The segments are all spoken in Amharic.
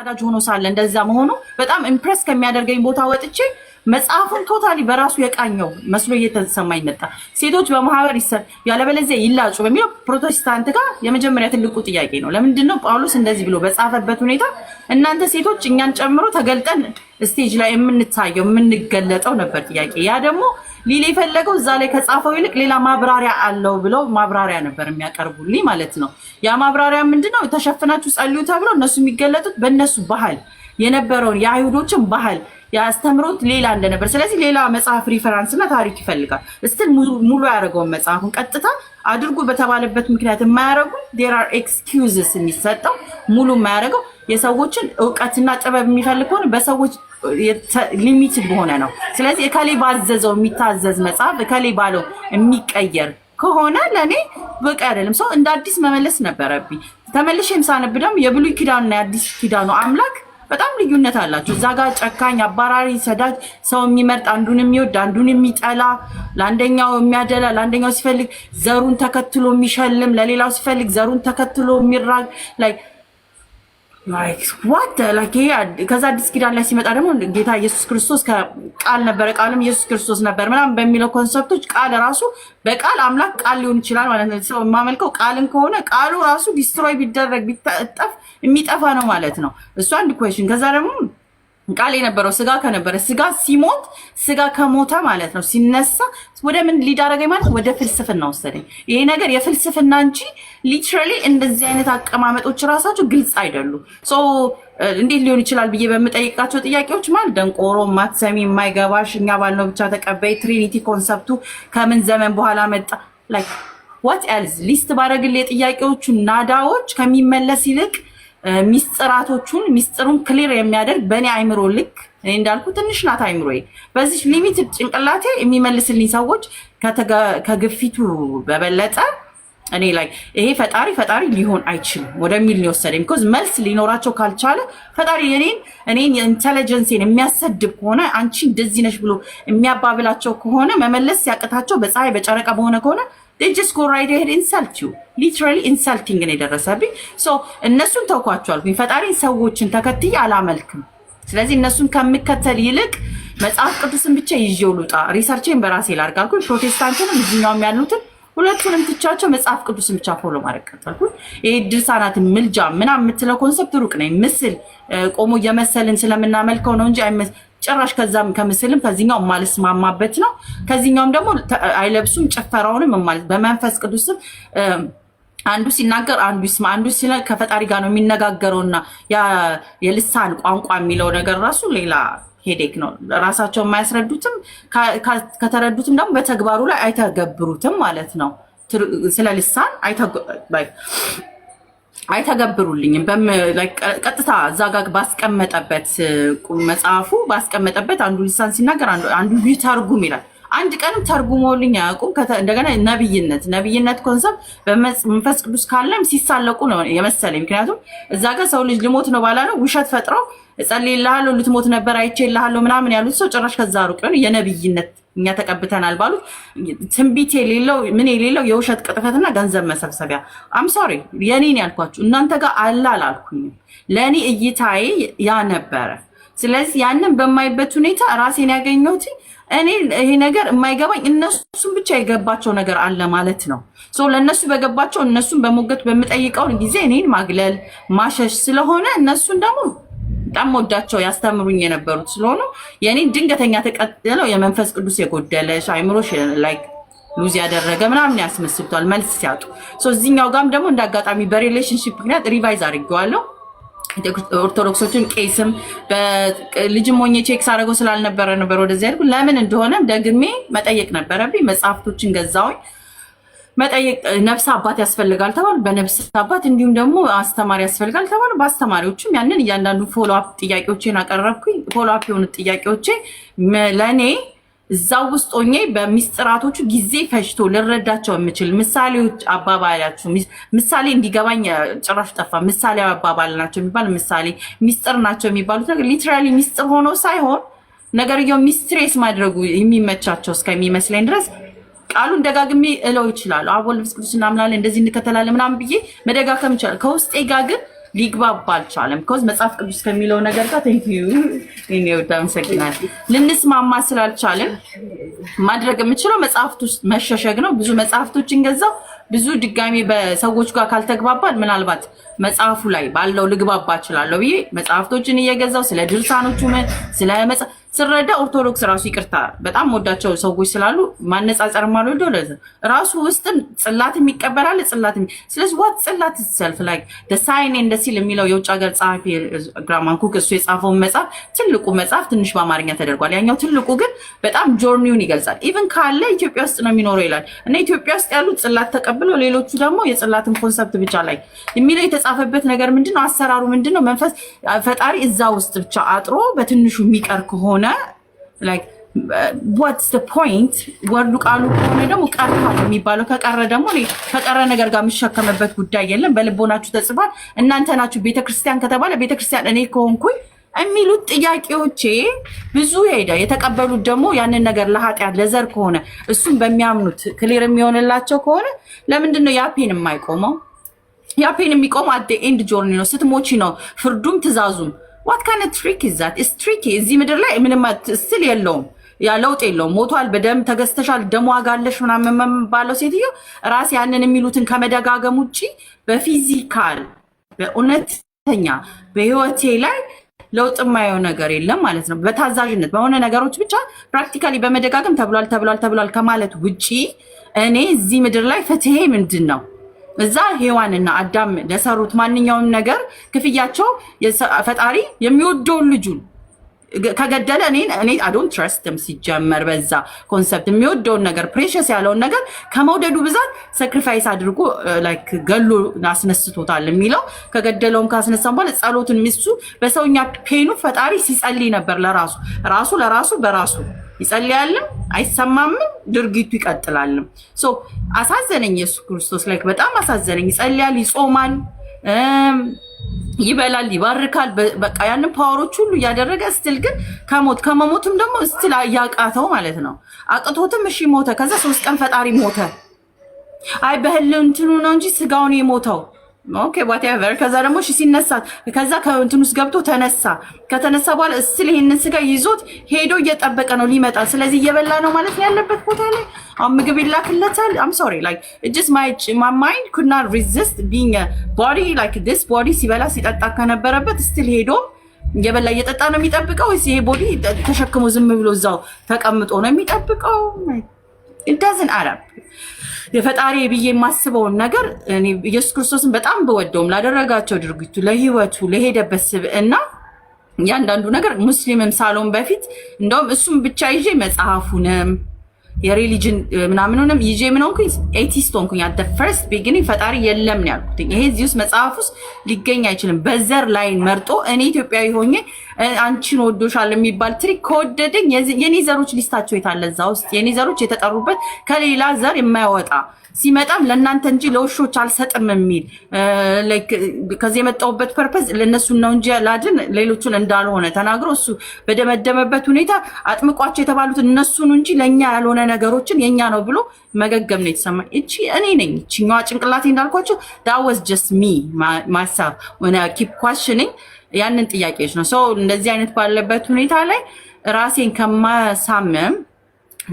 አዳጅ ሆኖ ሳለ እንደዛ መሆኑ በጣም ኢምፕረስ ከሚያደርገኝ ቦታ ወጥቼ መጽሐፉን ቶታሊ በራሱ የቃኘው መስሎ እየተሰማ ይመጣ ሴቶች በማህበር ያለበለዚያ ይላጩ በሚለው ፕሮቴስታንት ጋር የመጀመሪያ ትልቁ ጥያቄ ነው። ለምንድን ነው ጳውሎስ እንደዚህ ብሎ በጻፈበት ሁኔታ እናንተ ሴቶች እኛን ጨምሮ ተገልጠን ስቴጅ ላይ የምንታየው የምንገለጠው ነበር ጥያቄ። ያ ደግሞ ሊል የፈለገው እዛ ላይ ከጻፈው ይልቅ ሌላ ማብራሪያ አለው ብለው ማብራሪያ ነበር የሚያቀርቡልኝ ማለት ነው። ያ ማብራሪያ ምንድነው? ተሸፍናችሁ ጸልዩ ተብሎ እነሱ የሚገለጡት በእነሱ ባህል የነበረውን የአይሁዶችን ባህል የአስተምሮት ሌላ እንደነበር፣ ስለዚህ ሌላ መጽሐፍ ሪፈራንስና ታሪክ ይፈልጋል። ስትል ሙሉ ያደረገውን መጽሐፉን ቀጥታ አድርጉ በተባለበት ምክንያት የማያደረጉ ዴር አር ኤክስኪውዝስ የሚሰጠው ሙሉ የማያደረገው የሰዎችን እውቀትና ጥበብ የሚፈልግ ከሆነ በሰዎች ሊሚትድ በሆነ ነው። ስለዚህ እከሌ ባዘዘው የሚታዘዝ መጽሐፍ እከሌ ባለው የሚቀየር ከሆነ ለእኔ በቃ አይደለም። ሰው እንደ አዲስ መመለስ ነበረብኝ። ተመልሼም ሳነብ ደግሞ የብሉይ ኪዳኑና የአዲስ ኪዳኑ አምላክ በጣም ልዩነት አላቸው። እዛ ጋር ጨካኝ፣ አባራሪ፣ ሰዳጅ ሰው የሚመርጥ አንዱን የሚወድ አንዱን የሚጠላ ለአንደኛው የሚያደላ ለአንደኛው ሲፈልግ ዘሩን ተከትሎ የሚሸልም ለሌላው ሲፈልግ ዘሩን ተከትሎ የሚራግ ላይ ላይክ ላይክ ዋት ከዛ አዲስ ኪዳን ላይ ሲመጣ ደግሞ ጌታ ኢየሱስ ክርስቶስ ቃል ነበረ፣ ቃልም ኢየሱስ ክርስቶስ ነበር ምናምን በሚለው ኮንሰፕቶች ቃል ራሱ በቃል አምላክ ቃል ሊሆን ይችላል ማለት ነው። ሰው የማመልከው ቃልን ከሆነ ቃሉ ራሱ ዲስትሮይ ቢደረግ ቢጠፍ የሚጠፋ ነው ማለት ነው። እሱ አንድ ኩዌሽን። ከዛ ደግሞ ቃል የነበረው ስጋ ከነበረ ስጋ ሲሞት ስጋ ከሞተ ማለት ነው ሲነሳ ወደ ምን ሊዳረገኝ ማለት ወደ ፍልስፍና ወሰደኝ። ይሄ ነገር የፍልስፍና እንጂ ሊትራሊ እንደዚህ አይነት አቀማመጦች ራሳቸው ግልጽ አይደሉም። እንዴት ሊሆን ይችላል ብዬ በምጠይቃቸው ጥያቄዎች ማለት ደንቆሮ፣ ማትሰሚ፣ የማይገባሽ እኛ ባልነው ብቻ ተቀባይ፣ ትሪኒቲ ኮንሰፕቱ ከምን ዘመን በኋላ መጣ ዋት ኤልዝ ሊስት ባረግል የጥያቄዎቹ ናዳዎች ከሚመለስ ይልቅ ሚስጥራቶቹን ሚስጥሩን ክሊር የሚያደርግ በእኔ አይምሮ ልክ እኔ እንዳልኩ ትንሽ ናት አይምሮ በዚህ ሊሚትድ ጭንቅላቴ የሚመልስልኝ ሰዎች ከግፊቱ በበለጠ እኔ ላይ ይሄ ፈጣሪ ፈጣሪ ሊሆን አይችልም ወደሚል ነው ቢኮዝ መልስ ሊኖራቸው ካልቻለ ፈጣሪ እኔን እኔን ኢንተለጀንሴን የሚያሰድብ ከሆነ አንቺ እንደዚህ ነሽ ብሎ የሚያባብላቸው ከሆነ መመለስ ሲያቅታቸው በፀሐይ በጨረቃ በሆነ ከሆነ ጀስ ጎ ራይድ ሄድ ኢንሳልት ዩ ሊትራሊ ኢንሳልቲንግ ነው የደረሰብኝ። እነሱን ተውኳቸዋል። ፈጣሪን ሰዎችን ተከትዬ አላመልክም። ስለዚህ እነሱን ከምከተል ይልቅ መጽሐፍ ቅዱስን ብቻ ይዤው ልውጣ፣ ሪሰርቼን በራሴ ላድርግ አልኩኝ። ፕሮቴስታንትንም እዚኛውም ያሉትን ሁለቱንም ትቻቸው መጽሐፍ ቅዱስን ብቻ ፎሎ ማድረግ ቀጠልኩኝ። ይህ ድርሳናትን ምልጃ ምናምን የምትለው ኮንሰፕት ሩቅ ነኝ። ምስል ቆሞ እየመሰልን ስለምናመልከው ነው እንጂ ጭራሽ ከዛም ከምስልም ከዚኛው የማልስማማበት ነው። ከዚኛውም ደግሞ አይለብሱም ጭፈራውንም ማለት በመንፈስ ቅዱስም አንዱ ሲናገር አንዱ ይስማ አንዱ ሲለ ከፈጣሪ ጋር ነው የሚነጋገረውና የልሳን ቋንቋ የሚለው ነገር ራሱ ሌላ ሄዴክ ነው። ራሳቸው የማያስረዱትም ከተረዱትም ደግሞ በተግባሩ ላይ አይተገብሩትም ማለት ነው። ስለ ልሳን አይተገብሩልኝም። ቀጥታ እዛ ጋ ባስቀመጠበት መጽሐፉ ባስቀመጠበት አንዱ ልሳን ሲናገር አንዱ ተርጉም ይላል። አንድ ቀንም ተርጉሞልኝ አያውቁም። እንደገና ነብይነት ነብይነት ኮንሰፕት በመንፈስ ቅዱስ ካለም ሲሳለቁ ነው የመሰለኝ። ምክንያቱም እዛ ጋር ሰው ልጅ ልሞት ነው ባላ ነው ውሸት ፈጥረው እጸልይልሃለሁ ልትሞት ነበር አይቼልሃለሁ ምናምን ያሉት ሰው ጭራሽ ከዛ ሩቅ የነብይነት እኛ ተቀብተናል ባሉት ትንቢት የሌለው ምን የሌለው የውሸት ቅጥፈትና ገንዘብ መሰብሰቢያ። ሶሪ የኔን ያልኳችሁ እናንተ ጋር አለ አላልኩኝም። ለእኔ እይታዬ ያ ነበረ። ስለዚህ ያንን በማይበት ሁኔታ ራሴን ያገኘሁት እኔ ይሄ ነገር የማይገባኝ እነሱም ብቻ የገባቸው ነገር አለ ማለት ነው። ለእነሱ በገባቸው እነሱን በሞገት በምጠይቀውን ጊዜ እኔን ማግለል ማሸሽ ስለሆነ እነሱን ደግሞ በጣም ወዳቸው ያስተምሩኝ የነበሩት ስለሆኑ የኔ ድንገተኛ ተቀጥለው የመንፈስ ቅዱስ የጎደለሽ አይምሮሽ ሉዝ ያደረገ ምናምን ያስመስሉታል መልስ ሲያጡ። እዚኛው ጋም ደግሞ እንደ አጋጣሚ በሪሌሽንሽፕ ምክንያት ሪቫይዝ አድርጌዋለሁ። ኦርቶዶክሶችን ቄስም ልጅም ሆኜ ቼክ ሳደርገው ስላልነበረ ነበር ወደዚያ ያድጉ ለምን እንደሆነ ደግሜ መጠየቅ ነበረብኝ። መጽሐፍቶችን ገዛውኝ። መጠየቅ ነፍስ አባት ያስፈልጋል ተባሉ። በነፍስ አባት እንዲሁም ደግሞ አስተማሪ ያስፈልጋል ተባሉ። በአስተማሪዎችም ያንን እያንዳንዱ ፎሎአፕ ጥያቄዎችን አቀረብኩኝ። ፎሎአፕ የሆኑ ጥያቄዎቼ ለእኔ እዛው ውስጥ ሆኜ በሚስጥራቶቹ ጊዜ ፈጅቶ ልረዳቸው የምችል ምሳሌዎች፣ አባባላችሁ ምሳሌ እንዲገባኝ ጭራሽ ጠፋ። ምሳሌ አባባል ናቸው የሚባል ምሳሌ ሚስጥር ናቸው የሚባሉት ነገር ሊትራሊ ሚስጥር ሆኖ ሳይሆን ነገርየው ሚስትሬስ ማድረጉ የሚመቻቸው እስከሚመስለኝ ድረስ ቃሉን ደጋግሜ እለው ይችላሉ። አብ ወልድ መንፈስ ቅዱስ እናምናለን እንደዚህ እንከተላለን ምናምን ብዬ መደጋገም ይችላል። ከውስጤ ጋር ግን ሊግባባ አልቻለም። ከዚ መጽሐፍ ቅዱስ ከሚለው ነገር ጋር ቴንኪዩወዳ መሰግናል። ልንስማማ ስላልቻለም ማድረግ የምችለው መጽሐፍት ውስጥ መሸሸግ ነው። ብዙ መጽሐፍቶችን ገዛው። ብዙ ድጋሚ በሰዎች ጋር ካልተግባባል ምናልባት መጽሐፉ ላይ ባለው ልግባባ እችላለሁ ብዬ መጽሐፍቶችን እየገዛው ስለ ድርሳኖቹ ስለ ስረዳ ኦርቶዶክስ ራሱ ይቅርታ በጣም ወዳቸው ሰዎች ስላሉ ማነጻጸር ማልወደው ራሱ ውስጥም ጽላት የሚቀበላል ጽላት ስለዚህ ዋት ጽላት ሰልፍ ላይ ደሳይኔ ኤንድ ሲል የሚለው የውጭ ሀገር ጸሐፊ ግራማን ኩክ እሱ የጻፈውን መጽሐፍ ትልቁ መጽሐፍ ትንሽ በአማርኛ ተደርጓል። ያኛው ትልቁ ግን በጣም ጆርኒውን ይገልጻል። ኢቭን ካለ ኢትዮጵያ ውስጥ ነው የሚኖረው ይላል እና ኢትዮጵያ ውስጥ ያሉት ጽላት ተቀብለው ሌሎቹ ደግሞ የጽላትን ኮንሰፕት ብቻ ላይ የሚለው የተጻፈበት ነገር ምንድነው? አሰራሩ ምንድነው? መንፈስ ፈጣሪ እዛ ውስጥ ብቻ አጥሮ በትንሹ የሚቀር ከሆነ ከሆነ ዋትስ ፖይንት uh, ወርዱ ቃሉ ከሆነ ደግሞ ቀርቷል የሚባለው ከቀረ ደግሞ ከቀረ ነገር ጋር የሚሸከምበት ጉዳይ የለም። በልቦናችሁ ተጽፏል። እናንተ ናችሁ ቤተክርስቲያን ከተባለ ቤተክርስቲያን እኔ ከሆንኩኝ የሚሉት ጥያቄዎቼ ብዙ ሄደ። የተቀበሉት ደግሞ ያንን ነገር ለኃጢአት ለዘር ከሆነ እሱም በሚያምኑት ክሊር የሚሆንላቸው ከሆነ ለምንድን ነው ያ የማይቆመው? ያ ፔን የሚቆመው አደ ኤንድ ጆርኒ ነው። ስትሞቺ ነው ፍርዱም ትዕዛዙም ዋት ካን ትሪክ ዛት ስትሪኪ እዚህ ምድር ላይ ምንም ስል የለውም ለውጥ የለውም። ሞቷል፣ በደም ተገዝተሻል፣ ደም ዋጋ አለሽ ምናምን ባለው ሴትዮ ራስ ያንን የሚሉትን ከመደጋገም ውጭ በፊዚካል በእውነተኛ በህይወቴ ላይ ለውጥ የማየው ነገር የለም ማለት ነው። በታዛዥነት በሆነ ነገሮች ብቻ ፕራክቲካሊ በመደጋገም ተብሏል ተብሏል ተብሏል ከማለት ውጪ እኔ እዚህ ምድር ላይ ፍትሄ ምንድን ነው? እዛ ሔዋንና አዳም ለሰሩት ማንኛውም ነገር ክፍያቸው ፈጣሪ የሚወደውን ልጁን ከገደለ እኔ እኔ አዶን ትረስትም ሲጀመር በዛ ኮንሰፕት የሚወደውን ነገር ፕሬሽስ ያለውን ነገር ከመውደዱ ብዛት ሰክሪፋይስ አድርጎ ላይክ ገሎ አስነስቶታል የሚለው ከገደለውም ካስነሳ በኋላ ጸሎትን ሚሱ በሰውኛ ፔኑ ፈጣሪ ሲጸልይ ነበር ለራሱ ራሱ ለራሱ በራሱ ይጸልያለም አይሰማምም፣ ድርጊቱ ይቀጥላልም። አሳዘነኝ። ኢየሱስ ክርስቶስ ላይ በጣም አሳዘነኝ። ይጸልያል፣ ይጾማል፣ ይበላል፣ ይባርካል። በቃ ያንን ፓወሮች ሁሉ እያደረገ ስትል ግን ከሞት ከመሞትም ደግሞ ስትል እያቃተው ማለት ነው። አቅቶትም እሺ ሞተ። ከዛ ሶስት ቀን ፈጣሪ ሞተ። አይ በህል እንትኑ ነው እንጂ ስጋውን የሞተው ኦኬ ዋቴቨር። ከዛ ደግሞ እሺ ሲነሳ ከዛ ከእንትን ውስጥ ገብቶ ተነሳ። ከተነሳ በኋላ እስል ይሄንን ስጋ ይዞት ሄዶ እየጠበቀ ነው ሊመጣ። ስለዚህ እየበላ ነው ማለት ነው ያለበት ቦታ ላይ አሁን ምግብ ይላክለታል። አም ሶሪ ላይክ ጀስት ማይ ማይንድ ኩድ ናት ሪዚስት ቢንግ ቦዲ ላይክ ዲስ ቦዲ ሲበላ ሲጠጣ ከነበረበት እስል ሄዶ እየበላ እየጠጣ ነው የሚጠብቀው። ይሄ ቦዲ ተሸክሞ ዝም ብሎ እዛው ተቀምጦ ነው የሚጠብቀው። ኢዳዝን አረብ የፈጣሪ ብዬ የማስበውን ነገር ኢየሱስ ክርስቶስን በጣም በወደውም ላደረጋቸው ድርጊቱ፣ ለህይወቱ፣ ለሄደበት ስብዕና እያንዳንዱ ነገር ሙስሊምም ሳልሆን በፊት እንደውም እሱም ብቻ ይዤ መጽሐፉንም የሪሊጅን ምናምኑንም ይዤ ምን ሆንኩኝ? ኤቲስት ሆንኩኝ። አት ፈርስት ቢግኒንግ ፈጣሪ የለም ነው ያልኩት። ይሄ እዚህ ውስጥ መጽሐፍ ውስጥ ሊገኝ አይችልም። በዘር ላይ መርጦ እኔ ኢትዮጵያዊ ሆኜ አንቺን ወዶሻል የሚባል ትሪክ ከወደደኝ የኔ ዘሮች ሊስታቸው የታለ እዛ ውስጥ? የኔ ዘሮች የተጠሩበት ከሌላ ዘር የማይወጣ ሲመጣም ለእናንተ እንጂ ለውሾች አልሰጥም የሚል ከዚህ የመጣሁበት ፐርፐዝ ለእነሱን ነው እንጂ ላድን ሌሎቹን እንዳልሆነ ተናግሮ እሱ በደመደመበት ሁኔታ አጥምቋቸው የተባሉት እነሱን እንጂ ለእኛ ያልሆነ ነገሮችን የእኛ ነው ብሎ መገገም ነው የተሰማኝ። እቺ እኔ ነኝ። እችኛዋ ጭንቅላቴ እንዳልኳቸው ዳወዝ ጀስ ሚ ማሳብ ኪፕ ኳሽኒንግ ያንን ጥያቄዎች ነው ሰው እንደዚህ አይነት ባለበት ሁኔታ ላይ ራሴን ከማሳምም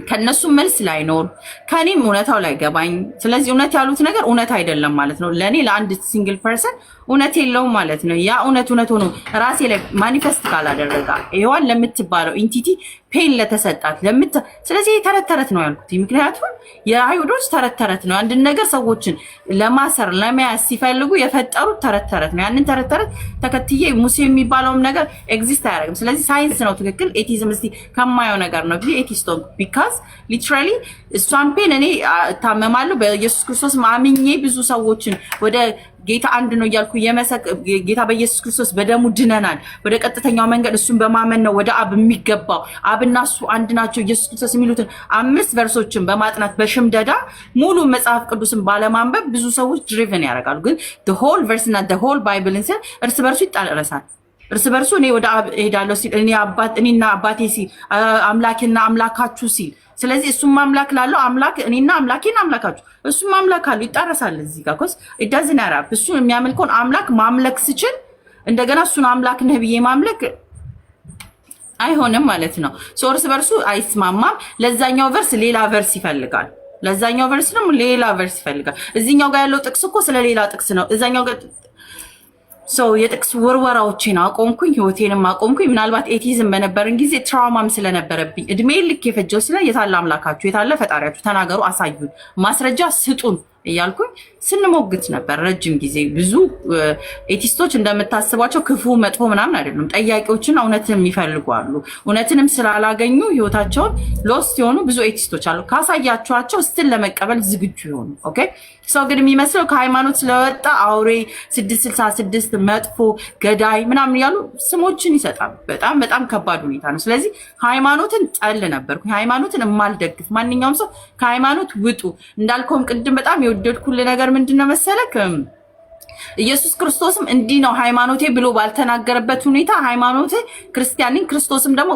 ከነሱ መልስ ላይኖር ከኔም እውነታው ላይ ገባኝ። ስለዚህ እውነት ያሉት ነገር እውነት አይደለም ማለት ነው ለእኔ ለአንድ ሲንግል ፐርሰን እውነት የለውም ማለት ነው። ያ እውነት እውነት ሆኖ ራሴ ላይ ማኒፌስት ካላደረጋ ይዋን ለምትባለው ኢንቲቲ ፔን ለተሰጣት ለምት ስለዚህ ተረት ተረት ነው ያልኩት፣ ምክንያቱም የአይሁዶች ተረት ተረት ነው። አንድን ነገር ሰዎችን ለማሰር ለመያዝ ሲፈልጉ የፈጠሩት ተረት ተረት ነው። ያንን ተረት ተረት ተከትዬ ሙሴ የሚባለውም ነገር ኤግዚስት አያደርግም። ስለዚህ ሳይንስ ነው ትክክል። ኤቲዝም እስቲ ከማየው ነገር ነው ጊዜ ኤቲስቶ ቢካዝ ሊትራሊ እሷን ፔን እኔ እታመማለሁ በኢየሱስ ክርስቶስ ማምኜ ብዙ ሰዎችን ወደ ጌታ አንድ ነው እያልኩ የመሰክ ጌታ በኢየሱስ ክርስቶስ በደሙ ድነናል። ወደ ቀጥተኛው መንገድ እሱን በማመን ነው ወደ አብ የሚገባው። አብና እሱ አንድ ናቸው ኢየሱስ ክርስቶስ የሚሉትን አምስት ቨርሶችን በማጥናት በሽምደዳ ሙሉ መጽሐፍ ቅዱስን ባለማንበብ ብዙ ሰዎች ድሪቨን ያደርጋሉ። ግን ሆል እና ሆል ባይብልን ስል እርስ በርሱ ይጣረሳል። እርስ በርሱ እኔ ወደ አብ እሄዳለሁ ሲል እኔ አባት እኔና አባቴ ሲል አምላኬና አምላካችሁ ሲል ስለዚህ እሱም አምላክ ላለው አምላክ እኔና አምላኬን አምላካችሁ እሱም አምላክ አሉ ይጣረሳል። እዚህ ጋር ኮስ እዳዝን ያራ እሱ የሚያመልከውን አምላክ ማምለክ ስችል እንደገና እሱን አምላክ ነህ ብዬ ማምለክ አይሆንም ማለት ነው። እርስ በርሱ አይስማማም። ለዛኛው ቨርስ ሌላ ቨርስ ይፈልጋል። ለዛኛው ቨርስ ደግሞ ሌላ ቨርስ ይፈልጋል። እዚኛው ጋር ያለው ጥቅስ እኮ ስለሌላ ጥቅስ ነው። እዛኛው ጋር ሰው የጥቅስ ውርወራዎችን አቆምኩኝ፣ ህይወቴንም አቆምኩኝ። ምናልባት ኤቲዝም በነበረን ጊዜ ትራውማም ስለነበረብኝ እድሜ ልክ የፈጀው ስለ የታለ አምላካችሁ የታለ ፈጣሪያችሁ ተናገሩ፣ አሳዩን፣ ማስረጃ ስጡን እያልኩኝ ስንሞግት ነበር ረጅም ጊዜ። ብዙ ኤቲስቶች እንደምታስቧቸው ክፉ፣ መጥፎ ምናምን አይደሉም። ጠያቂዎችን እውነትን የሚፈልጉ አሉ። እውነትንም ስላላገኙ ህይወታቸውን ሎስት የሆኑ ብዙ ኤቲስቶች አሉ። ካሳያችኋቸው ስትል ለመቀበል ዝግጁ የሆኑ ኦኬ። ሰው ግን የሚመስለው ከሃይማኖት ስለወጣ አውሬ፣ ስድስት ስልሳ ስድስት መጥፎ፣ ገዳይ ምናምን እያሉ ስሞችን ይሰጣሉ። በጣም በጣም ከባድ ሁኔታ ነው። ስለዚህ ሃይማኖትን ጠል ነበርኩ። ሃይማኖትን የማልደግፍ ማንኛውም ሰው ከሃይማኖት ውጡ እንዳልከውም ቅድም በጣም የወደድኩል ነገር ምንድን ነው መሰለክ ኢየሱስ ክርስቶስም እንዲህ ነው ሃይማኖቴ ብሎ ባልተናገረበት ሁኔታ ሃይማኖቴ ክርስቲያን ነኝ፣ ክርስቶስም ደግሞ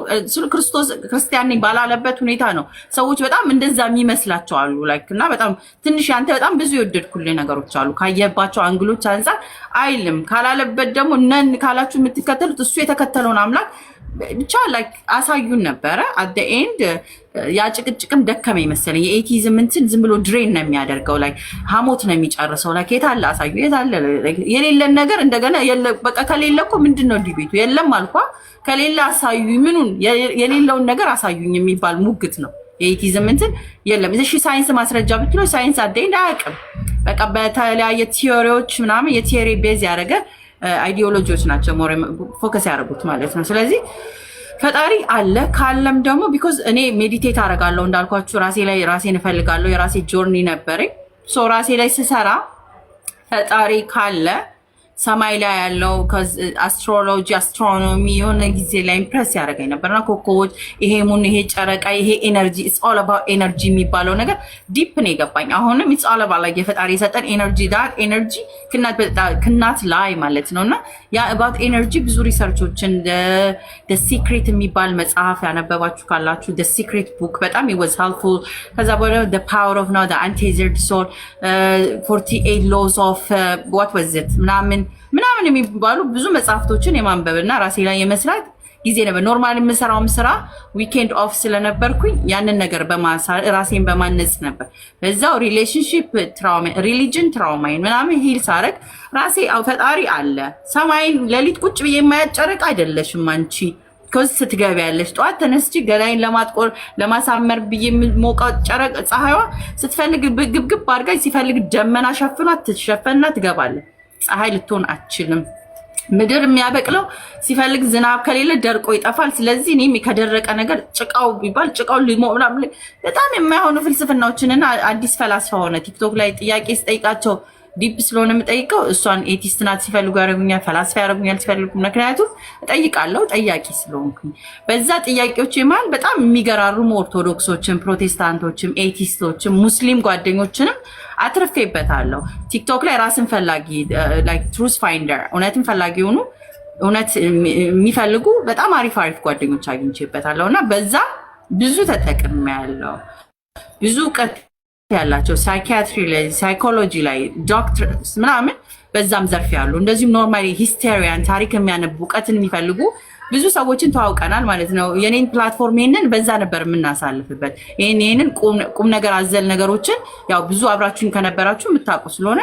ክርስቶስ ክርስቲያን ነኝ ባላለበት ሁኔታ ነው ሰዎች በጣም እንደዛ የሚመስላቸው አሉ። ላይክ እና በጣም ትንሽ ያንተ በጣም ብዙ የወደድኩልህ ነገሮች አሉ። ካየባቸው አንግሎች አንጻር አይልም። ካላለበት ደግሞ ነን ካላችሁ የምትከተሉት እሱ የተከተለውን አምላክ ብቻ አሳዩን ነበረ። አደ ኤንድ ያ ጭቅጭቅም ደከመ ይመሰለኝ። የኤቲዝም እንትን ዝም ብሎ ድሬን ነው የሚያደርገው፣ ላይ ሀሞት ነው የሚጨርሰው። ላይ የታለ አሳዩ፣ የታለ የሌለን ነገር እንደገና በቃ ከሌለ እኮ ምንድን ነው ዲቤቱ? የለም አልኳ። ከሌለ አሳዩ፣ ምኑን የሌለውን ነገር አሳዩኝ የሚባል ሙግት ነው። የኤቲዝም እንትን የለም። እሺ ሳይንስ ማስረጃ ብትለው ሳይንስ አደ ኤንድ አያውቅም። በቃ በተለያየ ቲዮሪዎች ምናምን የቲዮሪ ቤዝ ያደረገ አይዲዮሎጂዎች ናቸው ፎከስ ያደረጉት ማለት ነው። ስለዚህ ፈጣሪ አለ ካለም ደግሞ ቢኮዝ እኔ ሜዲቴት አደርጋለሁ እንዳልኳችሁ ራሴ ላይ ራሴን እፈልጋለሁ። የራሴ ጆርኒ ነበረኝ ራሴ ላይ ስሰራ ፈጣሪ ካለ ሰማይ ላይ ያለው አስትሮሎጂ አስትሮኖሚ የሆነ ጊዜ ላይ ኢምፕረስ ያደረገኝ ነበርና ኮከቦች፣ ይሄ ሙን፣ ይሄ ጨረቃ፣ ይሄ ኤነርጂ ኢትስ ኦል አባውት ኤነርጂ የሚባለው ነገር ዲፕ ነው የገባኝ። አሁንም ኢትስ ኦል አባውት ላይ የፈጣሪ የሰጠን ኤነርጂ ዳር ኤነርጂ ክናት ላይ ማለት ነው እና ያ አባውት ኤነርጂ ብዙ ሪሰርቾችን ሲክሬት የሚባል መጽሐፍ ያነበባችሁ ካላችሁ ሲክሬት ቡክ በጣም ወዝ ሄልፕፉል። ከዛ በኋላ ፓወር ኦፍ ናው አንቴዘርድ ሶል ፎርቲ ኤይት ሎስ ኦፍ ዋት ወዝ ኢት ምናምን ምናምን የሚባሉ ብዙ መጽሐፍቶችን የማንበብ ራሴ ላይ የመስራት ጊዜ ነበር። ኖርማል የምሰራውም ስራ ዊኬንድ ኦፍ ስለነበርኩኝ ያንን ነገር ራሴን በማነጽ ነበር። በዛው ሪሌሽንሽፕ ሪሊጅን ትራውማይን ምናምን ሂል ሳረግ ራሴ ፈጣሪ አለ ሰማይን ሌሊት ቁጭ ብዬ የማያጨረቅ አይደለሽም አንቺ ከዚ ስትገቢ ያለች ጠዋት ተነስቼ ገላይን ለማጥቆር ለማሳመር ብዬ የምሞቀው ጨረቅ ፀሐይዋ ስትፈልግ ግብግብ አድርጋኝ ሲፈልግ ደመና ሸፍኗ ትሸፈንና ትገባለን። ፀሐይ ልትሆን አችልም። ምድር የሚያበቅለው ሲፈልግ ዝናብ ከሌለ ደርቆ ይጠፋል። ስለዚህ እኔም ከደረቀ ነገር ጭቃው ቢባል ጭቃው ሊሞ በጣም የማይሆኑ ፍልስፍናዎችንና አዲስ ፈላስፋ ሆነ ቲክቶክ ላይ ጥያቄ ስጠይቃቸው ዲፕ ስለሆነ የምጠይቀው እሷን ኤቲስት ናት ሲፈልጉ ያደረጉኛል፣ ፈላስፋ ያደረጉኛል ሲፈልጉ። ምክንያቱም እጠይቃለሁ ጠያቂ ስለሆንኩኝ በዛ ጥያቄዎች መሀል በጣም የሚገራሩም ኦርቶዶክሶችን፣ ፕሮቴስታንቶችም፣ ኤቲስቶችም ሙስሊም ጓደኞችንም አትርፌበታለሁ። ቲክቶክ ላይ ራስን ፈላጊ ትሩስ ፋይንደር እውነትን ፈላጊ የሆኑ እውነት የሚፈልጉ በጣም አሪፍ አሪፍ ጓደኞች አግኝቼበታለሁ እና በዛ ብዙ ተጠቅሜያለሁ ብዙ እውቀት ያላቸው ሳይኪያትሪ ላይ ሳይኮሎጂ ላይ ዶክተርስ ምናምን በዛም ዘርፍ ያሉ እንደዚሁም ኖርማሊ ሂስቴሪያን ታሪክ የሚያነቡ እውቀትን የሚፈልጉ ብዙ ሰዎችን ተዋውቀናል ማለት ነው። የኔን ፕላትፎርም ይህንን በዛ ነበር የምናሳልፍበት። ይህንን ቁም ነገር አዘል ነገሮችን ያው ብዙ አብራችሁን ከነበራችሁ የምታውቁ ስለሆነ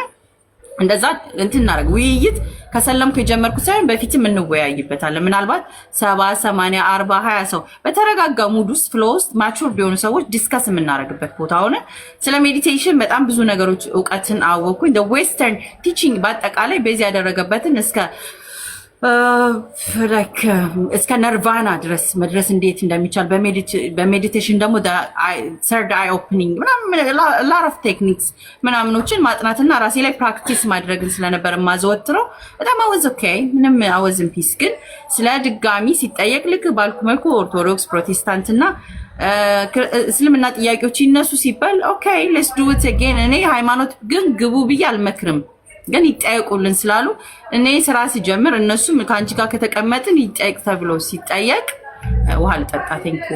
እንደዛ እንትን እናደርግ ውይይት ከሰለምኩ የጀመርኩ ሳይሆን በፊትም እንወያይበታለን። ምናልባት ሰባ ሰማንያ አርባ ሀያ ሰው በተረጋጋ ሙድ ውስጥ ፍሎ ውስጥ ማቹር ቢሆኑ ሰዎች ዲስከስ የምናደርግበት ቦታ ሆነ። ስለ ሜዲቴሽን በጣም ብዙ ነገሮች እውቀትን አወኩኝ። ዌስተርን ቲቺንግ በአጠቃላይ በዚህ ያደረገበትን እስከ እስከ ነርቫና ድረስ መድረስ እንዴት እንደሚቻል በሜዲቴሽን ደግሞ ሰርድ አይ ኦፕኒንግ ላር ኦፍ ቴክኒክስ ምናምኖችን ማጥናትና ራሴ ላይ ፕራክቲስ ማድረግን ስለነበር የማዘወትረው በጣም አወዝ ኦኬ ምንም አወዝን ፒስ ግን ስለ ድጋሚ ሲጠየቅ ልክ ባልኩ መልኩ ኦርቶዶክስ ፕሮቴስታንት እስልምና ጥያቄዎች ይነሱ ሲባል ኦኬ ሌስ ዱት ጌን እኔ ሃይማኖት ግን ግቡ ብዬ አልመክርም። ግን ይጠየቁልን ስላሉ እኔ ስራ ሲጀምር እነሱም ከአንቺ ጋር ከተቀመጥን ይጠየቅ ተብሎ ሲጠየቅ ውሃ ልጠጣ ቴንኩ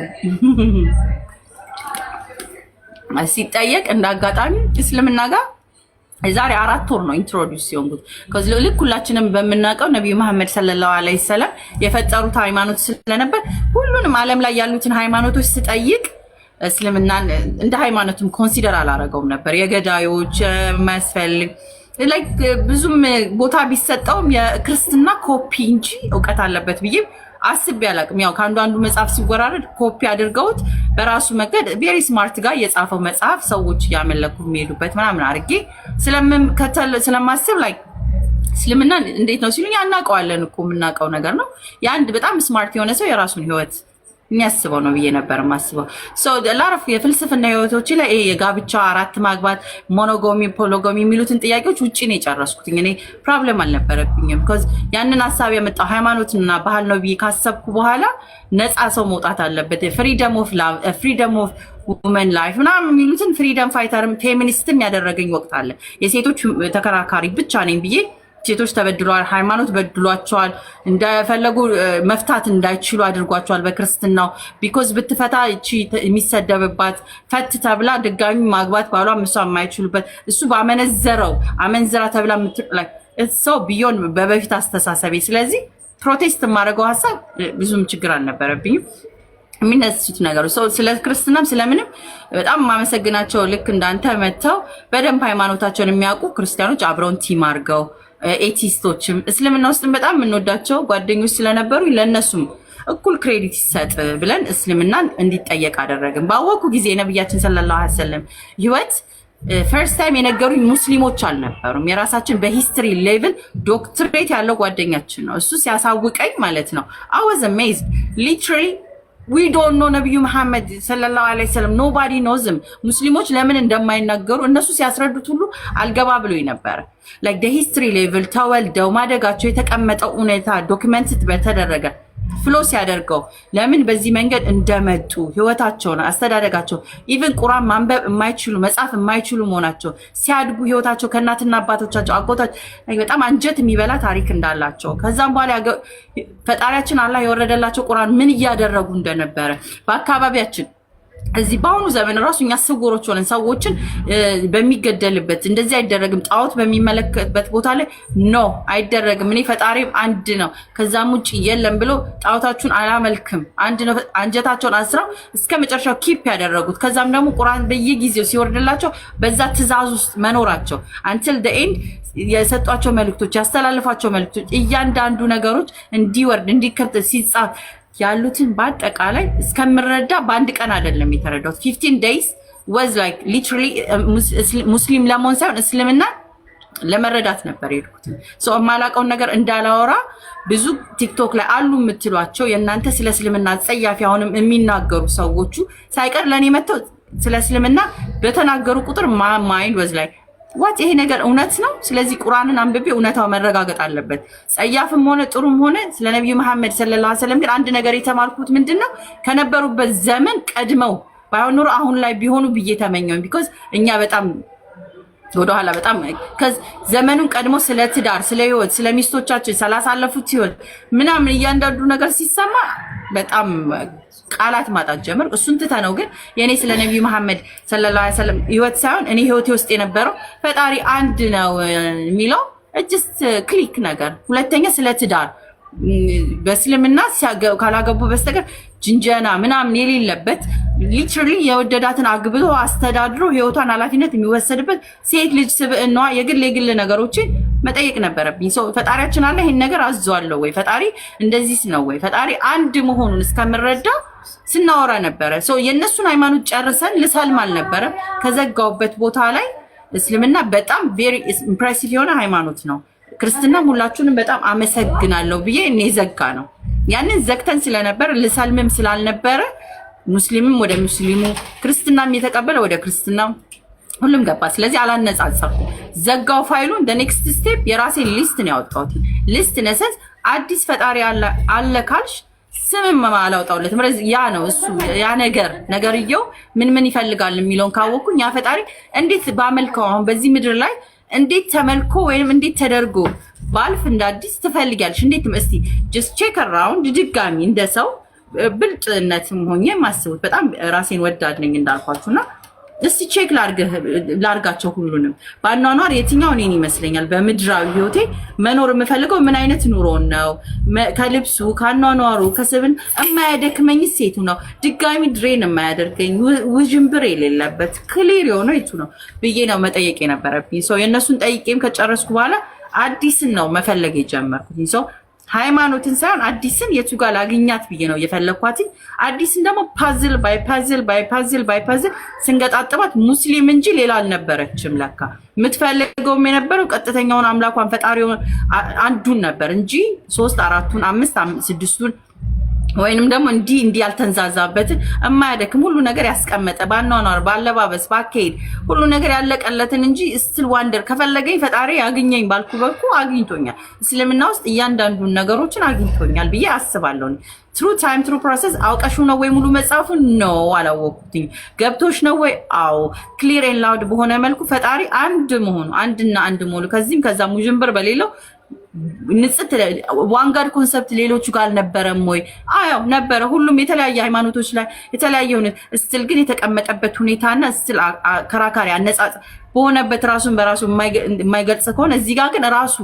ሲጠየቅ እንደ አጋጣሚ እስልምና ጋር የዛሬ አራት ወር ነው ኢንትሮዲውስ ሲሆንኩት። ከዚ ልክ ሁላችንም በምናውቀው ነቢዩ መሐመድ ሰለላሁ ዐለይሂ ወሰለም የፈጠሩት ሃይማኖት ስለነበር ሁሉንም ዓለም ላይ ያሉትን ሃይማኖቶች ስጠይቅ እስልምናን እንደ ሃይማኖትም ኮንሲደር አላረገውም ነበር የገዳዮች መስፈልግ ላይክ ብዙም ቦታ ቢሰጠውም የክርስትና ኮፒ እንጂ እውቀት አለበት ብዬ አስቤ አላቅም። ያው ከአንዱ አንዱ መጽሐፍ ሲወራረድ ኮፒ አድርገውት በራሱ መንገድ ቬሪ ስማርት ጋር የጻፈው መጽሐፍ ሰዎች እያመለኩ የሚሄዱበት ምናምን አድርጌ ስለማስብ ላይ እስልምና እንዴት ነው ሲሉኝ፣ እናውቀዋለን እኮ የምናውቀው ነገር ነው። የአንድ በጣም ስማርት የሆነ ሰው የራሱን ህይወት የሚያስበው ነው ብዬ ነበር የማስበው። ላረፍ የፍልስፍና ህይወቶች ላይ የጋብቻ አራት ማግባት፣ ሞኖጎሚ፣ ፖሎጎሚ የሚሉትን ጥያቄዎች ውጭ ነው የጨረስኩት። እኔ ፕሮብለም አልነበረብኝም። ያንን ሀሳብ የመጣው ሃይማኖትና ባህል ነው ብዬ ካሰብኩ በኋላ ነፃ ሰው መውጣት አለበት። ፍሪደም ኦፍ ውመን ላይፍ ምናምን የሚሉትን ፍሪደም ፋይተርም ፌሚኒስትም ያደረገኝ ወቅት አለ። የሴቶች ተከራካሪ ብቻ ነኝ ብዬ ሴቶች ተበድለዋል፣ ሃይማኖት በድሏቸዋል፣ እንደፈለጉ መፍታት እንዳይችሉ አድርጓቸዋል በክርስትናው። ቢኮዝ ብትፈታ እቺ የሚሰደብባት ፈት ተብላ ድጋሚ ማግባት ባሏ ምሷ የማይችሉበት እሱ በአመነዘረው አመንዝራ ተብላ የምትጥላይ ሰው ቢዮን በበፊት አስተሳሰቤ። ስለዚህ ፕሮቴስት የማደርገው ሀሳብ ብዙም ችግር አልነበረብኝም። የሚነሱት ነገሮች ስለ ክርስትናም ስለምንም በጣም የማመሰግናቸው ልክ እንዳንተ መጥተው በደንብ ሃይማኖታቸውን የሚያውቁ ክርስቲያኖች አብረውን ቲም አድርገው ኤቲስቶችም እስልምና ውስጥም በጣም የምንወዳቸው ጓደኞች ስለነበሩ ለእነሱም እኩል ክሬዲት ይሰጥ ብለን እስልምናን እንዲጠየቅ አደረግን። ባወኩ ጊዜ ነብያችን ሰለላሁ ዐለይሂ ወሰለም ህይወት ፈርስት ታይም የነገሩኝ ሙስሊሞች አልነበሩም። የራሳችን በሂስትሪ ሌቭል ዶክትሬት ያለው ጓደኛችን ነው እሱ ሲያሳውቀኝ ማለት ነው አወዝ አሜዝድ ሊትራሊ ዊ ዶንት ኖ ነቢዩ መሐመድ ሰለላሁ ዐለይሂ ወሰለም ኖባዲ ኖዝም ሙስሊሞች ለምን እንደማይናገሩ እነሱ ሲያስረዱት ሁሉ አልገባ ብሎኝ ነበረ። ላይክ ደ ሂስትሪ ሌቭል ተወልደው ማደጋቸው የተቀመጠው እውነታ ዶክመንት በተደረገ ፍሎ ሲያደርገው ለምን በዚህ መንገድ እንደመጡ ህይወታቸውን፣ አስተዳደጋቸው ኢቨን ቁራን ማንበብ የማይችሉ መጻፍ የማይችሉ መሆናቸው ሲያድጉ ህይወታቸው ከእናትና አባቶቻቸው አጎታቸው በጣም አንጀት የሚበላ ታሪክ እንዳላቸው ከዛም በኋላ ፈጣሪያችን አላህ የወረደላቸው ቁራን ምን እያደረጉ እንደነበረ በአካባቢያችን እዚህ በአሁኑ ዘመን ራሱ እኛ ስውሮች ሆነን ሰዎችን በሚገደልበት እንደዚህ አይደረግም። ጣዖት በሚመለክበት ቦታ ላይ ኖ አይደረግም። እኔ ፈጣሪም አንድ ነው፣ ከዛም ውጭ የለም ብሎ ጣዖታችሁን አላመልክም አንድ ነው። አንጀታቸውን አስረው እስከ መጨረሻው ኪፕ ያደረጉት ከዛም ደግሞ ቁርአን በየጊዜው ሲወርድላቸው በዛ ትእዛዝ ውስጥ መኖራቸው አንትል ኤንድ የሰጧቸው መልክቶች ያስተላልፏቸው መልክቶች እያንዳንዱ ነገሮች እንዲወርድ እንዲከብጥ ሲጻፍ ያሉትን በአጠቃላይ እስከምረዳ በአንድ ቀን አይደለም የተረዳሁት። ፊፍቲን ዴይስ ወዝ ላይክ ሊትራሊ ሙስሊም ለመሆን ሳይሆን እስልምና ለመረዳት ነበር የሄድኩት። ሰው የማላውቀውን ነገር እንዳላወራ ብዙ ቲክቶክ ላይ አሉ የምትሏቸው የእናንተ ስለ እስልምና ጸያፊ አሁንም የሚናገሩ ሰዎቹ ሳይቀር ለእኔ መጥተው ስለ እስልምና በተናገሩ ቁጥር ማይንድ ወዝ ላይ ዋት ይሄ ነገር እውነት ነው። ስለዚህ ቁርአንን አንብቤ እውነታው መረጋገጥ አለበት። ጸያፍም ሆነ ጥሩም ሆነ ስለ ነቢዩ መሐመድ ሰለላሁ ዐለይሂ ወሰለም ግን አንድ ነገር የተማርኩት ምንድን ነው ከነበሩበት ዘመን ቀድመው ባይሆን ኑሮ አሁን ላይ ቢሆኑ ብዬ ተመኘው። ቢኮዝ እኛ በጣም ወደኋላ በጣም ዘመኑን ቀድሞ ስለ ትዳር፣ ስለ ህይወት፣ ስለ ሚስቶቻችን ስላሳለፉት ህይወት ምናምን እያንዳንዱ ነገር ሲሰማ በጣም ቃላት ማጣት ጀምር። እሱን ትተ ነው ግን የእኔ ስለ ነቢዩ መሐመድ ሰለላሁ ዐለይሂ ወሰለም ህይወት ሳይሆን እኔ ህይወቴ ውስጥ የነበረው ፈጣሪ አንድ ነው የሚለው እጅስ ክሊክ ነገር። ሁለተኛ ስለ ትዳር በእስልምና ካላገቡ በስተቀር ጅንጀና ምናምን የሌለበት ሊትራሊ የወደዳትን አግብቶ አስተዳድሮ ህይወቷን ኃላፊነት የሚወሰድበት ሴት ልጅ ስብዕናዋ የግል የግል ነገሮችን መጠየቅ ነበረብኝ። ሰው ፈጣሪያችን አለ ይህን ነገር አዟለሁ ወይ ፈጣሪ እንደዚህ ነው ወይ ፈጣሪ አንድ መሆኑን እስከምረዳ ስናወራ ነበረ። ሰው የእነሱን ሃይማኖት ጨርሰን ልሰልም አልነበረም። ከዘጋውበት ቦታ ላይ እስልምና በጣም ቬሪ ኢምፕሬሲቭ የሆነ ሃይማኖት ነው። ክርስትና ሁላችሁንም በጣም አመሰግናለሁ ብዬ እኔ ዘጋ ነው። ያንን ዘግተን ስለነበር ልሰልምም ስላልነበረ ሙስሊምም ወደ ሙስሊሙ ክርስትናም የተቀበለ ወደ ክርስትናው ሁሉም ገባ። ስለዚህ አላነጻጸርኩ ዘጋው እንደ ኔክስት ስቴፕ የራሴ ሊስት ነው ያወጣሁት። ሊስት ነሰንስ አዲስ ፈጣሪ አለ ካልሽ ስምም አላውጣውለትም። ያ ነው እሱ ያ ነገር ነገርየው ምን ምን ይፈልጋል የሚለውን ካወቅኩኝ ያ ፈጣሪ እንዴት ባመልከው አሁን በዚህ ምድር ላይ እንዴት ተመልኮ ወይም እንዴት ተደርጎ ባልፍ እንደ አዲስ ትፈልጊያለሽ? እንዴት እስቲ ጀስት ቼክ አራውንድ ድጋሚ እንደ ሰው ብልጥነትም ሆኜ ማስቡት። በጣም ራሴን ወዳድ ነኝ እንዳልኳችሁ እና እስቲ ቼክ ላርጋቸው ሁሉንም በአኗኗር የትኛው እኔን ይመስለኛል። በምድራዊ ህይወቴ መኖር የምፈልገው ምን አይነት ኑሮን ነው? ከልብሱ ከአኗኗሩ ከስብን የማያደክመኝ ሴቱ ነው። ድጋሚ ድሬን የማያደርገኝ ውዥንብር የሌለበት ክሊር የሆነው የቱ ነው ብዬ ነው መጠየቅ የነበረብኝ ሰው። የእነሱን ጠይቄም ከጨረስኩ በኋላ አዲስን ነው መፈለግ የጀመርኩት ሰው ሃይማኖትን ሳይሆን አዲስን የቱ ጋር ላግኛት ብዬ ነው የፈለግኳት። አዲስን ደግሞ ፓዝል ባይ ፓዝል ባይ ፓዝል ባይ ፓዝል ስንገጣጥማት ሙስሊም እንጂ ሌላ አልነበረችም። ለካ የምትፈልገውም የነበረው ቀጥተኛውን አምላኳን ፈጣሪ አንዱን ነበር እንጂ ሶስት አራቱን አምስት ስድስቱን ወይንም ደግሞ እንዲህ እንዲህ ያልተንዛዛበትን የማያደክም ሁሉ ነገር ያስቀመጠ በአኗኗር በአለባበስ በአካሄድ ሁሉ ነገር ያለቀለትን እንጂ ስትል ዋንደር ከፈለገኝ ፈጣሪ አግኘኝ ባልኩ በኩ አግኝቶኛል። እስልምና ውስጥ እያንዳንዱን ነገሮችን አግኝቶኛል ብዬ አስባለሁ። ትሩ ታይም ትሩ ፕሮሰስ አውቀሹ ነው ወይ ሙሉ መጽሐፉን? ነው አላወቅኩትኝ። ገብቶች ነው ወይ? አዎ ክሊር ኤን ላውድ በሆነ መልኩ ፈጣሪ አንድ መሆኑ አንድና አንድ መሆኑ ከዚህም ከዛ ሙዥንብር በሌለው ንጽት ዋንጋድ ኮንሰፕት ሌሎቹ ጋር አልነበረም ወይ? አዎ ነበረ። ሁሉም የተለያየ ሃይማኖቶች ላይ የተለያየ ሆነ። ስትል ግን የተቀመጠበት ሁኔታና ስትል ከራካሪ አነጻጽ በሆነበት ራሱን በራሱ የማይገልጽ ከሆነ እዚህ ጋር ግን ራሱ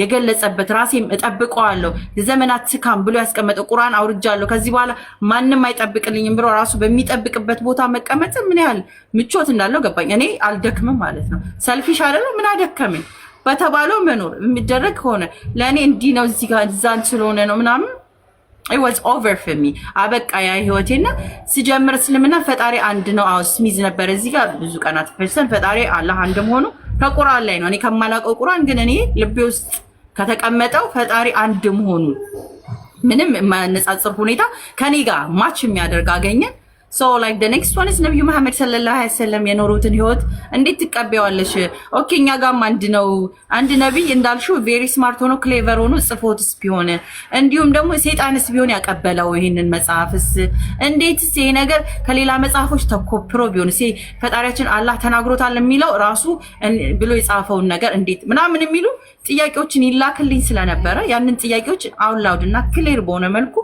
የገለጸበት ራሴም እጠብቀዋለሁ የዘመናት ስካም ብሎ ያስቀመጠ ቁርአን አውርጃለሁ ከዚህ በኋላ ማንም አይጠብቅልኝም ብሎ ራሱ በሚጠብቅበት ቦታ መቀመጥ ምን ያህል ምቾት እንዳለው ገባኝ። እኔ አልደክምም ማለት ነው። ሰልፊሽ አይደለም ምን አደከመኝ በተባለው መኖር የሚደረግ ከሆነ ለእኔ እንዲህ ነው እዚህ ጋር እዛን ስለሆነ ነው ምናምን ወዝ ኦቨር ፍሚ አበቃ ያ ህይወቴና ሲጀምር እስልምና ፈጣሪ አንድ ነው። አዎ ስሚዝ ነበር እዚህ ጋር ብዙ ቀናት ፈሰን ፈጣሪ አላህ አንድ መሆኑ ከቁርአን ላይ ነው። እኔ ከማላውቀው ቁርአን ግን እኔ ልቤ ውስጥ ከተቀመጠው ፈጣሪ አንድ መሆኑ ምንም የማያነጻጽር ሁኔታ ከኔ ጋር ማች የሚያደርግ አገኘን። ሶ ላይክ ኔክስት ዋንስ ነቢዩ መሐመድ ሰለላሁ ዐለይሂ ወሰለም የኖሩትን ህይወት እንዴት ትቀበዋለሽ? ኦኬ እኛ ጋም አንድ ነው። አንድ ነቢይ እንዳልሽው ቬሪ ስማርት ሆኖ ክሌቨር ሆኖ ጽፎትስ ቢሆን እንዲሁም ደግሞ ሴጣንስ ቢሆን ያቀበለው ይህንን መጽሐፍስ እንዴትስ ይሄ ነገር ከሌላ መጽሐፎች ተኮፕሮ ቢሆን ሴ ፈጣሪያችን አላህ ተናግሮታል የሚለው ራሱ ብሎ የጻፈውን ነገር እንዴት ምናምን የሚሉ ጥያቄዎችን ይላክልኝ ስለነበረ ያንን ጥያቄዎች አውላውድ እና ክሌር በሆነ መልኩ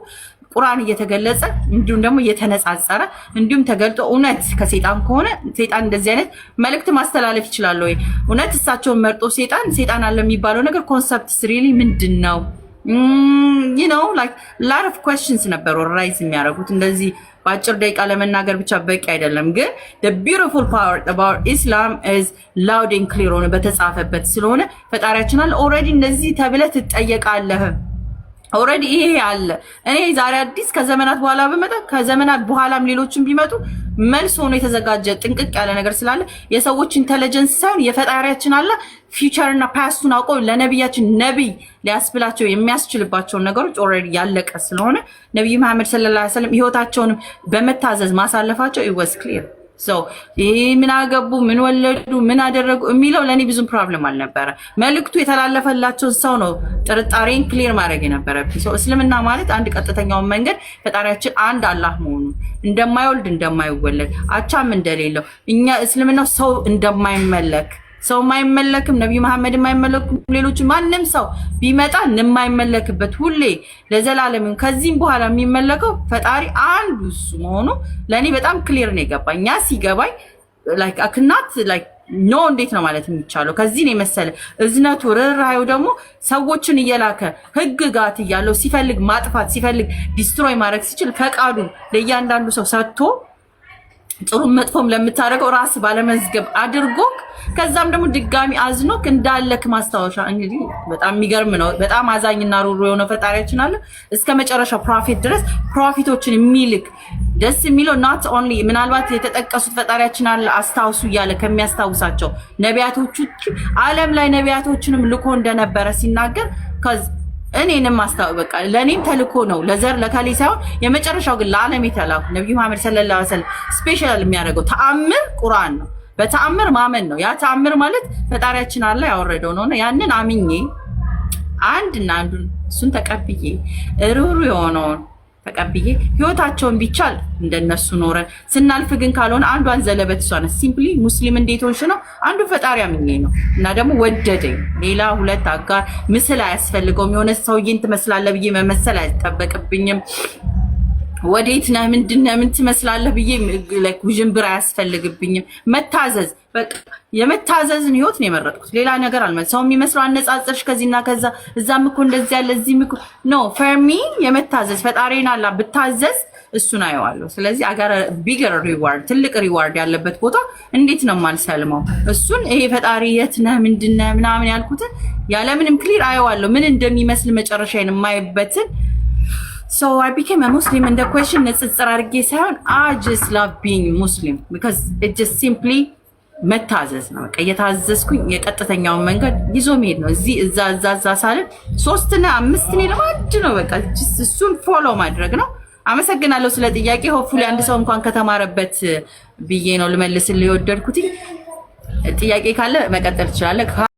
ቁርአን እየተገለጸ እንዲሁም ደግሞ እየተነጻጸረ እንዲሁም ተገልጦ እውነት ከሴጣን ከሆነ ሴጣን እንደዚህ አይነት መልእክት ማስተላለፍ ይችላል ወይ? እውነት እሳቸውን መርጦ ሴጣን ሴጣን አለ የሚባለው ነገር ኮንሰፕትስ ሪሊ ምንድን ነው? ነው ላር ኦፍ ኩዌስችንስ ነበሩ ራይዝ የሚያደርጉት እንደዚህ በአጭር ደቂቃ ለመናገር ብቻ በቂ አይደለም። ግን ቢዩቲፉል ፓወር ባር ኢስላም ዝ ላውድ ኤንድ ክሊር ሆነ በተጻፈበት ስለሆነ ፈጣሪያችን አለ ኦልሬዲ እንደዚህ ተብለህ ትጠየቃለህ። ኦልሬዲ ይሄ አለ። እኔ ዛሬ አዲስ ከዘመናት በኋላ በመጣ ከዘመናት በኋላም ሌሎችን ቢመጡ መልስ ሆኖ የተዘጋጀ ጥንቅቅ ያለ ነገር ስላለ የሰዎች ኢንተለጀንስ ሳይሆን የፈጣሪያችን አለ እና ፓስቱን አውቀው ለነቢያችን ነቢይ ሊያስብላቸው የሚያስችልባቸውን ነገሮች ኦልሬዲ ያለቀ ስለሆነ ነቢይ መሐመድ ሰለላሁ ዐለይሂ ወሰለም ህይወታቸውንም በመታዘዝ ማሳለፋቸው ይወስ ክሊር ሰው ይህ ምን አገቡ፣ ምን ወለዱ፣ ምን አደረጉ የሚለው ለእኔ ብዙም ፕሮብለም አልነበረ። መልእክቱ የተላለፈላቸውን ሰው ነው ጥርጣሬን ክሊር ማድረግ የነበረብኝ። ሰው እስልምና ማለት አንድ ቀጥተኛውን መንገድ ፈጣሪያችን አንድ አላህ መሆኑ እንደማይወልድ እንደማይወለድ አቻም እንደሌለው እኛ እስልምናው ሰው እንደማይመለክ ሰው አይመለክም፣ ነቢዩ መሐመድ አይመለኩም፣ ሌሎች ማንም ሰው ቢመጣ የማይመለክበት ሁሌ ለዘላለምም ከዚህም በኋላ የሚመለከው ፈጣሪ አንዱ እሱ መሆኑ ለእኔ በጣም ክሊር ነው የገባኝ። እኛ ሲገባኝ ላይክ አክናት ላይክ ኖ እንዴት ነው ማለት የሚቻለው? ከዚህ ነው የመሰለ እዝነቱ ርኅራኄው ደግሞ ሰዎችን እየላከ ህግጋት እያለው ሲፈልግ ማጥፋት ሲፈልግ ዲስትሮይ ማድረግ ሲችል ፈቃዱ ለእያንዳንዱ ሰው ሰጥቶ ጥሩም መጥፎም ለምታደርገው ራስ ባለመዝገብ አድርጎ ከዛም ደግሞ ድጋሚ አዝኖክ እንዳለክ ማስታወሻ። እንግዲህ በጣም የሚገርም ነው። በጣም አዛኝና ሩሩ የሆነ ፈጣሪያችን አለ። እስከ መጨረሻ ፕሮፊት ድረስ ፕሮፊቶችን የሚልክ ደስ የሚለው ናት ኦንሊ ምናልባት የተጠቀሱት ፈጣሪያችን አለ አስታውሱ እያለ ከሚያስታውሳቸው ነቢያቶቹ ዓለም ላይ ነቢያቶችንም ልኮ እንደነበረ ሲናገር እኔንም ማስታወቅ በቃ ለእኔም ተልኮ ነው ለዘር ለካሌ ሳይሆን የመጨረሻው ግን ለዓለም የተላኩ ነቢዩ መሐመድ ሰለላሁ ዐለይሂ ስፔሻል የሚያደርገው ተአምር ቁርአን ነው። በተአምር ማመን ነው። ያ ተአምር ማለት ፈጣሪያችን አለ ያወረደው ነው። ያንን አምኜ አንድና አንዱን እሱን ተቀብዬ ሩሩ የሆነውን ተቀብዬ ህይወታቸውን ቢቻል እንደነሱ ኖረን ስናልፍ ግን ካልሆነ አንዷን ዘለበት እሷ ናት። ሲምፕሊ ሙስሊም እንዴት ሆንሽ ነው አንዱ ፈጣሪ አምኜ ነው እና ደግሞ ወደደኝ። ሌላ ሁለት አጋር ምስል አያስፈልገውም። የሆነ ሰውዬን ትመስላለህ ብዬ መመሰል አይጠበቅብኝም። ወዴት ነህ ምንድን ነህ ምን ትመስላለህ ብዬ ውዥንብር አያስፈልግብኝም። መታዘዝ በቃ የመታዘዝን ህይወት ነው የመረጥኩት። ሌላ ነገር አልመ ሰው የሚመስለው አነጻጽርሽ ከዚህና ከዛ እዛም እኮ እንደዚህ ያለ እዚህም እኮ ኖ ፈርሚ የመታዘዝ ፈጣሪን አላ ብታዘዝ እሱን አየዋለሁ። ስለዚህ አጋር ቢገር ሪዋርድ ትልቅ ሪዋርድ ያለበት ቦታ እንዴት ነው የማልሰልመው? እሱን ይሄ ፈጣሪ የት ነህ ምንድን ነህ ምናምን ያልኩትን ያለምንም ክሊር አየዋለሁ። ምን እንደሚመስል መጨረሻዬን የማይበትን ሶ አይ ቢኬም ሙስሊም እንደ ኮሽን ንጽጽር አድርጌ ሳይሆን አጅስ ላቭ ቢንግ ሙስሊም ቢካዝ እጅስ ሲምፕሊ መታዘዝ ነው። በቃ እየታዘዝኩኝ የቀጥተኛውን መንገድ ይዞ መሄድ ነው። እዚህ እዛ እዛ እዛ ሳልን ሶስትና አምስት እኔ ለማድ ነው። በቃ እሱን ፎሎ ማድረግ ነው። አመሰግናለሁ ስለ ጥያቄ። ሆፕፉሊ አንድ ሰው እንኳን ከተማረበት ብዬ ነው ልመልስልህ የወደድኩት። ጥያቄ ካለ መቀጠል ትችላለህ።